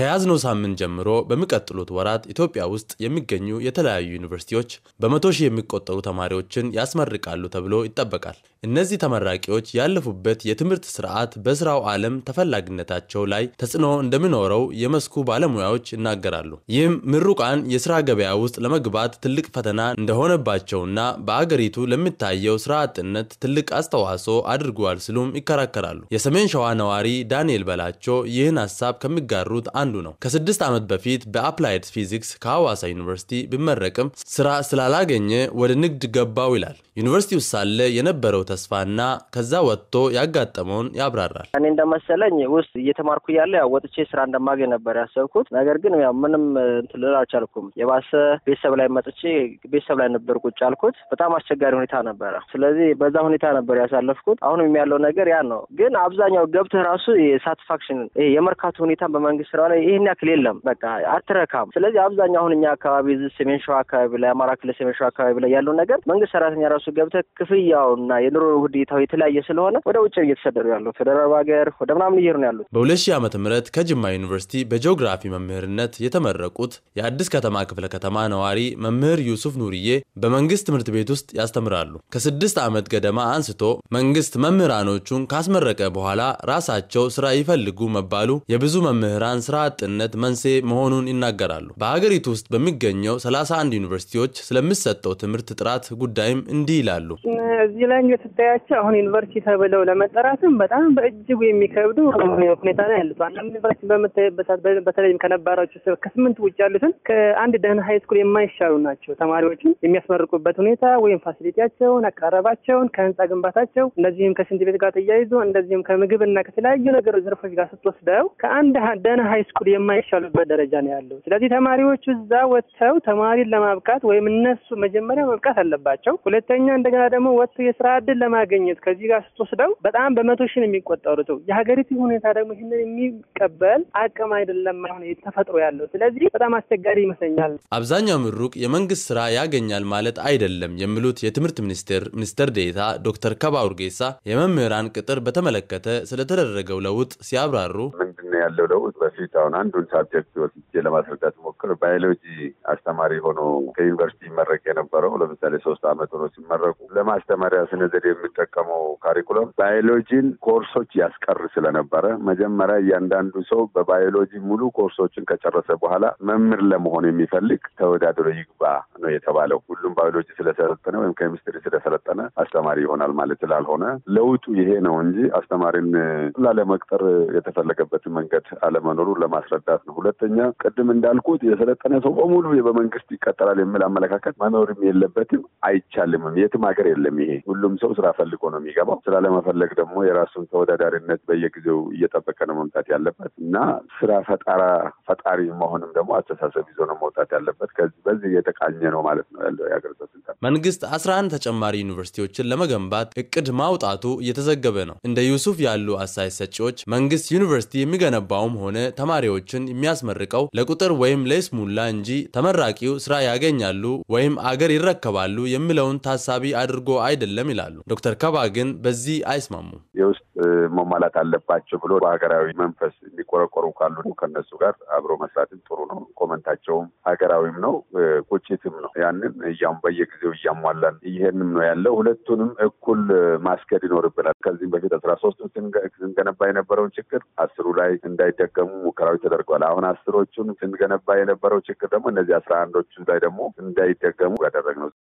ከያዝነው ሳምንት ጀምሮ በሚቀጥሉት ወራት ኢትዮጵያ ውስጥ የሚገኙ የተለያዩ ዩኒቨርሲቲዎች በመቶ ሺህ የሚቆጠሩ ተማሪዎችን ያስመርቃሉ ተብሎ ይጠበቃል። እነዚህ ተመራቂዎች ያለፉበት የትምህርት ስርዓት በስራው ዓለም ተፈላጊነታቸው ላይ ተጽዕኖ እንደሚኖረው የመስኩ ባለሙያዎች ይናገራሉ። ይህም ምሩቃን የስራ ገበያ ውስጥ ለመግባት ትልቅ ፈተና እንደሆነባቸውና በአገሪቱ ለሚታየው ስራ አጥነት ትልቅ አስተዋጽኦ አድርጓል ሲሉም ይከራከራሉ። የሰሜን ሸዋ ነዋሪ ዳንኤል በላቸው ይህን ሀሳብ ከሚጋሩት አንዱ ነው። ከስድስት ዓመት በፊት በአፕላይድ ፊዚክስ ከሐዋሳ ዩኒቨርሲቲ ቢመረቅም ስራ ስላላገኘ ወደ ንግድ ገባው ይላል። ዩኒቨርሲቲ ሳለ የነበረው ተስፋና ከዛ ወጥቶ ያጋጠመውን ያብራራል። እኔ እንደመሰለኝ ውስጥ እየተማርኩ ያለ ያው ወጥቼ ስራ እንደማገኝ ነበር ያሰብኩት። ነገር ግን ያው ምንም እንትን ልል አልቻልኩም። የባሰ ቤተሰብ ላይ መጥቼ ቤተሰብ ላይ ነበር ቁጭ አልኩት። በጣም አስቸጋሪ ሁኔታ ነበረ። ስለዚህ በዛ ሁኔታ ነበር ያሳለፍኩት። አሁንም ያለው ነገር ያ ነው። ግን አብዛኛው ገብተህ ራሱ የሳትስፋክሽን የመርካቱ ሁኔታን በመንግስት ስራ ሆነ ይህን ያክል የለም። በቃ አትረካም። ስለዚህ አብዛኛው አሁን እኛ አካባቢ ሰሜን ሸዋ አካባቢ ላይ አማራ ክልል ሰሜን ሸዋ አካባቢ ላይ ያለው ነገር መንግስት ሰራተኛ ራሱ ክፍያው ክፍያውና የኑሮ ሁኔታው የተለያየ ስለሆነ ወደ ውጭ እየተሰደዱ ያሉት ፌደራል ሀገር ወደ ምናምን እየሄዱ ነው ያሉት። በሁለት ሺህ ዓመተ ምህረት ከጅማ ዩኒቨርሲቲ በጂኦግራፊ መምህርነት የተመረቁት የአዲስ ከተማ ክፍለ ከተማ ነዋሪ መምህር ዩሱፍ ኑርዬ በመንግስት ትምህርት ቤት ውስጥ ያስተምራሉ። ከስድስት ዓመት ገደማ አንስቶ መንግስት መምህራኖቹን ካስመረቀ በኋላ ራሳቸው ስራ ይፈልጉ መባሉ የብዙ መምህራን ስራ አጥነት መንስኤ መሆኑን ይናገራሉ። በሀገሪቱ ውስጥ በሚገኘው 31 ዩኒቨርሲቲዎች ስለሚሰጠው ትምህርት ጥራት ጉዳይም እንዲህ ይላሉ። እዚህ ላይ ስታያቸው አሁን ዩኒቨርሲቲ ተብለው ለመጠራትም በጣም በእጅጉ የሚከብዱ ሁኔታ ነው ያሉት። አንዳንድ ዩኒቨርሲቲ በምታይበት በተለይም ከነባራቸው ከስምንት ውጭ ያሉትን ከአንድ ደህና ሀይ ስኩል የማይሻሉ ናቸው። ተማሪዎችን የሚያስመርቁበት ሁኔታ ወይም ፋሲሊቲያቸውን፣ አቀራረባቸውን፣ ከህንፃ ግንባታቸው እንደዚህም ከሽንት ቤት ጋር ተያይዞ እንደዚህም ከምግብና ከተለያዩ ነገር ዘርፎች ጋር ስትወስደው ከአንድ ደህና ሀይ ስኩል የማይሻሉበት ደረጃ ነው ያለው። ስለዚህ ተማሪዎቹ እዛ ወጥተው ተማሪን ለማብቃት ወይም እነሱ መጀመሪያ መብቃት አለባቸው። ሁለተኛ እንደገና ደግሞ ወጥተው የስራ እድል ለማገኘት ከዚህ ጋር ስትወስደው በጣም በመቶ ሺህ ነው የሚቆጠሩት። የሀገሪቱ ሁኔታ ደግሞ ይህንን የሚቀበል አቅም አይደለም አሁን ተፈጥሮ ያለው። ስለዚህ በጣም አስቸጋሪ ይመስለኛል። አብዛኛው ምሩቅ የመንግስት ስራ ያገኛል ማለት አይደለም የሚሉት የትምህርት ሚኒስቴር ሚኒስትር ዴታ ዶክተር ከባ ኡርጌሳ የመምህራን ቅጥር በተመለከተ ስለተደረገው ለውጥ ሲያብራሩ ያለው ለውጥ በፊት አሁን አንዱን ሳብጀክት ወስጄ ለማስረዳት ሞክር ባዮሎጂ አስተማሪ ሆኖ ከዩኒቨርሲቲ ይመረቅ የነበረው ለምሳሌ ሶስት አመት ሆኖ ሲመረቁ ለማስተማሪያ ስነ ዘዴ የሚጠቀመው ካሪኩለም ባዮሎጂን ኮርሶች ያስቀር ስለነበረ መጀመሪያ እያንዳንዱ ሰው በባዮሎጂ ሙሉ ኮርሶችን ከጨረሰ በኋላ መምህር ለመሆን የሚፈልግ ተወዳድሮ ይግባ ነው የተባለው። ሁሉም ባዮሎጂ ስለሰለጠነ ወይም ኬሚስትሪ ስለሰለጠነ አስተማሪ ይሆናል ማለት ስላልሆነ ለውጡ ይሄ ነው እንጂ አስተማሪን ላለመቅጠር የተፈለገበትን መንገድ አለመኖሩን ለማስረዳት ነው። ሁለተኛ ቅድም እንዳልኩት የሰለጠነ ሰው በሙሉ በመንግስት ይቀጠራል የሚል አመለካከት መኖርም የለበትም፣ አይቻልምም። የትም ሀገር የለም። ይሄ ሁሉም ሰው ስራ ፈልጎ ነው የሚገባው። ስራ ለመፈለግ ደግሞ የራሱን ተወዳዳሪነት በየጊዜው እየጠበቀ ነው መምጣት ያለበት እና ስራ ፈጣራ ፈጣሪ መሆንም ደግሞ አስተሳሰብ ይዞ ነው መውጣት ያለበት። ከዚህ በዚህ እየተቃኘ ነው ማለት ነው ያለው የሀገር መንግስት አስራ አንድ ተጨማሪ ዩኒቨርሲቲዎችን ለመገንባት እቅድ ማውጣቱ እየተዘገበ ነው። እንደ ዩሱፍ ያሉ አስተያየት ሰጪዎች መንግስት ዩኒቨርሲቲ የሚገነ የሚገነባውም ሆነ ተማሪዎችን የሚያስመርቀው ለቁጥር ወይም ለስሙላ እንጂ ተመራቂው ስራ ያገኛሉ ወይም አገር ይረከባሉ የሚለውን ታሳቢ አድርጎ አይደለም ይላሉ። ዶክተር ከባ ግን በዚህ አይስማሙም። መሟላት አለባቸው ብሎ በሀገራዊ መንፈስ የሚቆረቆሩ ካሉ ከነሱ ጋር አብሮ መስራትም ጥሩ ነው። ኮመንታቸውም ሀገራዊም ነው፣ ቁጭትም ነው። ያንን እያም በየጊዜው እያሟላን ይሄንም ነው ያለው። ሁለቱንም እኩል ማስኬድ ይኖርብናል። ከዚህም በፊት አስራ ሶስቱ ስንገነባ የነበረውን ችግር አስሩ ላይ እንዳይደገሙ ሙከራዊ ተደርገዋል። አሁን አስሮቹን ስንገነባ የነበረው ችግር ደግሞ እነዚህ አስራ አንዶቹ ላይ ደግሞ እንዳይደገሙ ያደረግ ነው።